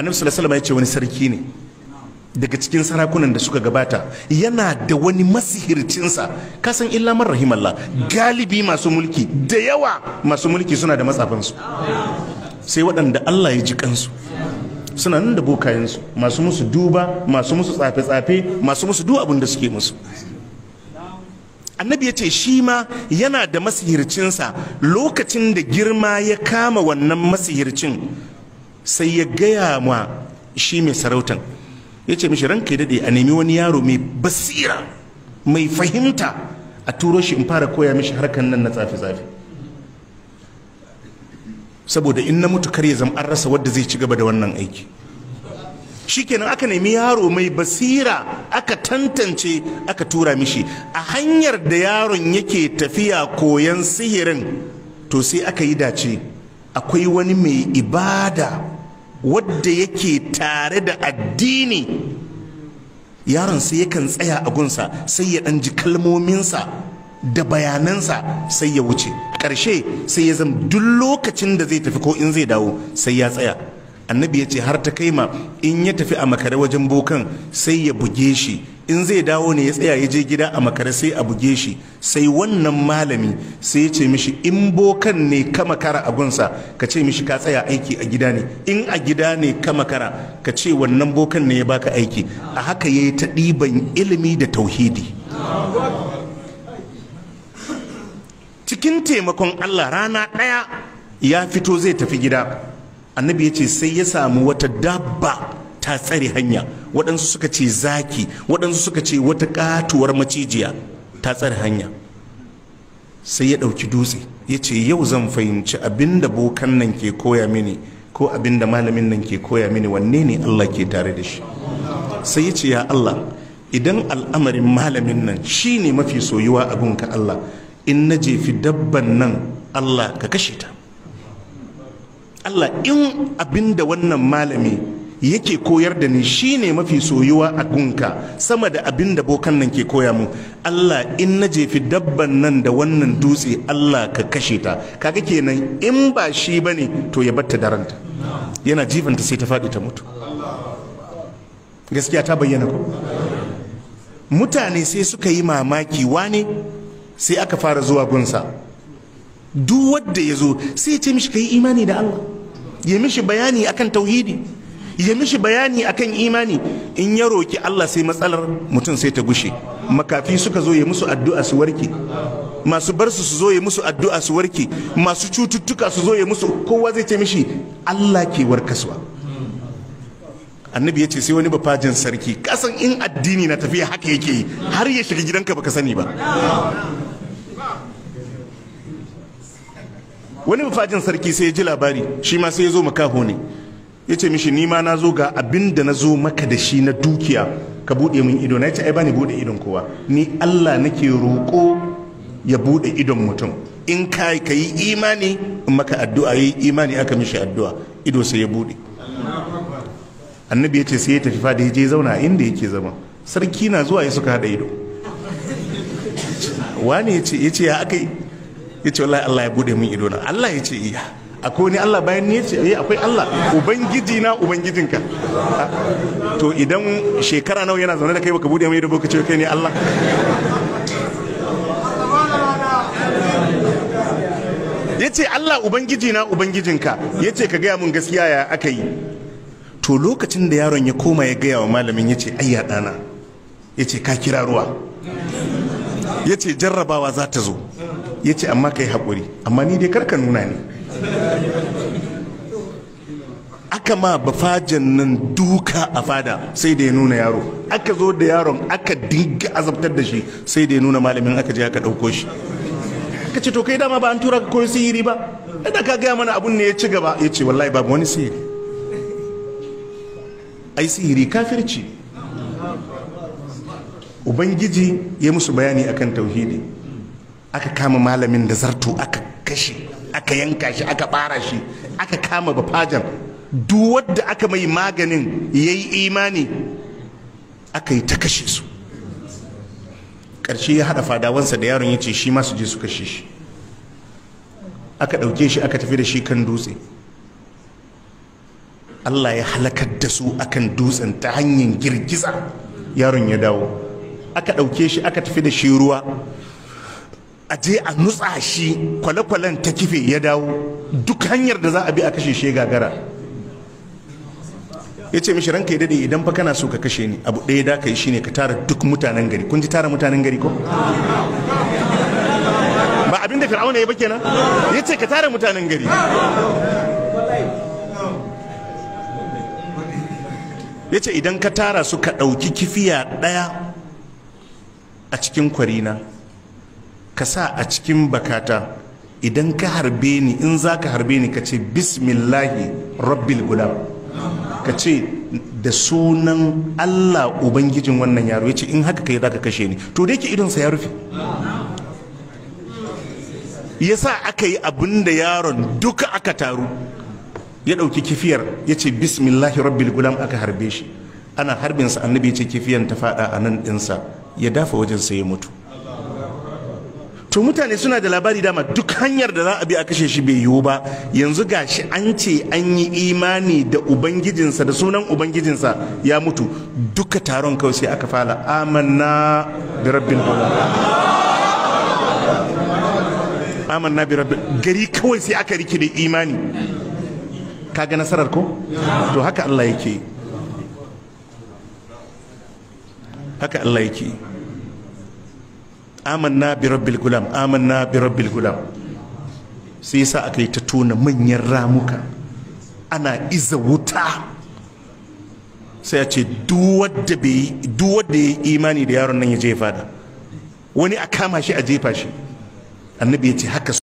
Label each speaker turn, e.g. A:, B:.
A: annabi sallallahu alaihi ya ce wani sarki ne daga cikin sarakunan da suka gabata yana da wani masihircinsa kasan illa man rahimallah galibi masu mulki da yawa masu mulki suna da matsafansu sai waɗanda Allah ya ji kansu suna nan da bokayensu masu musu duba masu musu tsafe-tsafe masu musu duk abin da suke musu annabi ya ce shi ma yana da masihircinsa lokacin da girma ya kama wannan masihircin sai ya gaya ma shi mai sarautan ya ce mishi ranka ya daɗe a nemi wani yaro mai basira mai fahimta a turo shi in fara koya mishi harkan nan na tsafi-tsafi saboda in na mutu kar ya zama an rasa wadda zai ci gaba da wannan aiki shikenan aka nemi yaro mai basira aka tantance aka tura mishi a hanyar da yaron yake tafiya koyan sihirin to sai aka yi dace akwai wani mai ibada wadda yake tare da addini yaron sai yakan tsaya a gunsa sai ya ɗanji ji kalmominsa da bayanansa sai ya wuce ƙarshe sai ya zama duk lokacin da zai tafi ko in zai dawo sai ya tsaya annabi ya ce har ta kai ma in ya tafi a makare wajen bokan sai ya buge shi in zai dawo ne ya tsaya ya je gida a makare sai a buge shi sai wannan malami sai ya ce mishi in bokan ne ka makara a gunsa ka ce mishi ka tsaya aiki a gida ne in a gida ne ka makara ka ce wannan bokan ne ya baka aiki a haka ya yi ta ɗiban ilimi da tauhidi cikin taimakon allah rana ɗaya ya fito zai tafi gida annabi ya ce sai ya samu wata dabba ta tsare hanya waɗansu suka ce zaki waɗansu suka ce wata ƙatuwar macijiya ta tsare hanya sai ya ɗauki dutse ya ce yau zan fahimci abinda bokan nan ke koya mini ko abin malamin nan ke koya mini wanne ne allah ke tare da shi sai ya ce ya allah idan al'amarin malamin nan shi ne mafi soyuwa gunka allah in na jefi dabban nan allah ka kashe ta allah in abinda wannan malami yake koyar da ni shine mafi soyuwa a gunka sama da abin da bokan nan ke koya mu Allah in na jefi dabban nan da wannan dutse Allah ka kashe ta kaga kenan in ba shi bane to ya batta daranta yana jifanta sai ta faɗi ta mutu gaskiya ta bayyana ko mutane sai suka yi mamaki wane sai aka fara zuwa gunsa duk wanda ya zo sai ya ce mishi ka imani da Allah ya mishi bayani akan tauhidi ya mishi bayani akan imani in ya roki Allah sai matsalar mutum sai ta gushe makafi suka zo ya musu addu'a su warke masu barsu su zo ya musu addu'a su warke masu cututtuka su zo ya musu kowa zai ce mishi Allah ke warkaswa annabi ya ce sai wani bafajin sarki kasan in addini na tafiya haka yake yi har ya shiga gidanka baka sani ba wani bafajin sarki sai ya ji labari shi ma sai ya zo makaho ne ya ce mishi nima na zo ga abin da na zo maka da shi na dukiya ka buɗe min ido na ya ce ai bani buɗe idon kowa ni Allah nake roƙo ya buɗe idon mutum in ka ka yi imani in maka addu'a yi imani aka mishi addu'a ido sai ya buɗe annabi ya ce sai ya tafi fada ya je zauna inda yake zama sarki na zuwa ya suka haɗa ido wani ya ce ya ce ya aka yi ya ce wallahi Allah ya buɗe min ido na Allah ya ce iya akwai wani Allah bayan ni yace eh akwai Allah ubangiji na ubangijinka ah, to idan shekara nawa yana zaune da kai baka bude mai rubo kace kai ne Allah yace Allah ubangiji na ubangijinka yace ka gaya mun gaskiya ya aka yi to lokacin da yaron ya koma ya gaya wa malamin yace ayya dana yace ka kira ruwa yace jarrabawa za ta zo yace amma kai hakuri amma ni dai karka nuna ni aka ma bafajen nan duka a fada sai da ya nuna yaro aka zo da yaron aka dinga azabtar da shi sai da ya nuna malamin aka je aka ɗauko shi aka ce to kai dama ba an tura ka koyi sihiri ba da ka gaya mana abun ne ya ci gaba ya ce wallahi babu wani sihiri ai sihiri kafirci ubangiji ya musu bayani akan tauhidi aka kama malamin da zarto aka aka yanka shi aka bara shi aka kama bafajan duk wadda aka mai maganin ya yi imani aka yi ta kashe su ƙarshe ya haɗa fadawansa da yaron ya ce shi ma su je su kashe shi aka ɗauke shi aka tafi da shi kan dutse Allah ya halakar da su akan dutsen ta hanyar girgiza yaron ya dawo aka ɗauke shi aka tafi da shi ruwa a je a nutsa shi kwale-kwalen ta kife ya dawo duk hanyar da za a bi a kashe shi gagara ya ce mishi ranka ya dade idan fa kana so ka kashe ni abu ɗaya da ka yi shine ka tara duk mutanen gari kun ji tara mutanen gari ko ba abin da fir'auna ya ba kenan ya ce ka tara mutanen gari ya ce idan ka tara su ka ɗauki kifiya ɗaya a cikin kwarina ka sa a cikin bakata idan ka harbe ni in za ka harbe ni ka ce bismillahi rabbil gulam ka ce da sunan allah ubangijin wannan yaro ya ce in haka kai za ka kashe ni to da yake idonsa ya rufe ya sa aka yi abin da yaron duka aka taru ya ɗauki kifiyar ya ce bismillahi rabbil gulam aka harbe shi ana harbinsa annabi ya ce kifiyan ta faɗa a nan ɗinsa ya dafa wajensa ya mutu to mutane suna da labari dama duk hanyar da za a bi a kashe shi bai yiwu ba yanzu gashi an ce an yi imani da ubangijinsa da sunan ubangijinsa ya mutu duka taron kawai sai aka fala amanna bi rabbil amanna bi rabbil gari kawai sai aka rike da imani kaga nasarar ko to haka Allah yake haka Allah yake amanna bi rabbil gulam amanna bi rabbil gulam sai yasa aka yi ta tona manyan ramuka ana iza wuta sai a ce duwadda ya imani da yaron nan ya jefa fada wani a kama shi a jefa shi annabi ya ce haka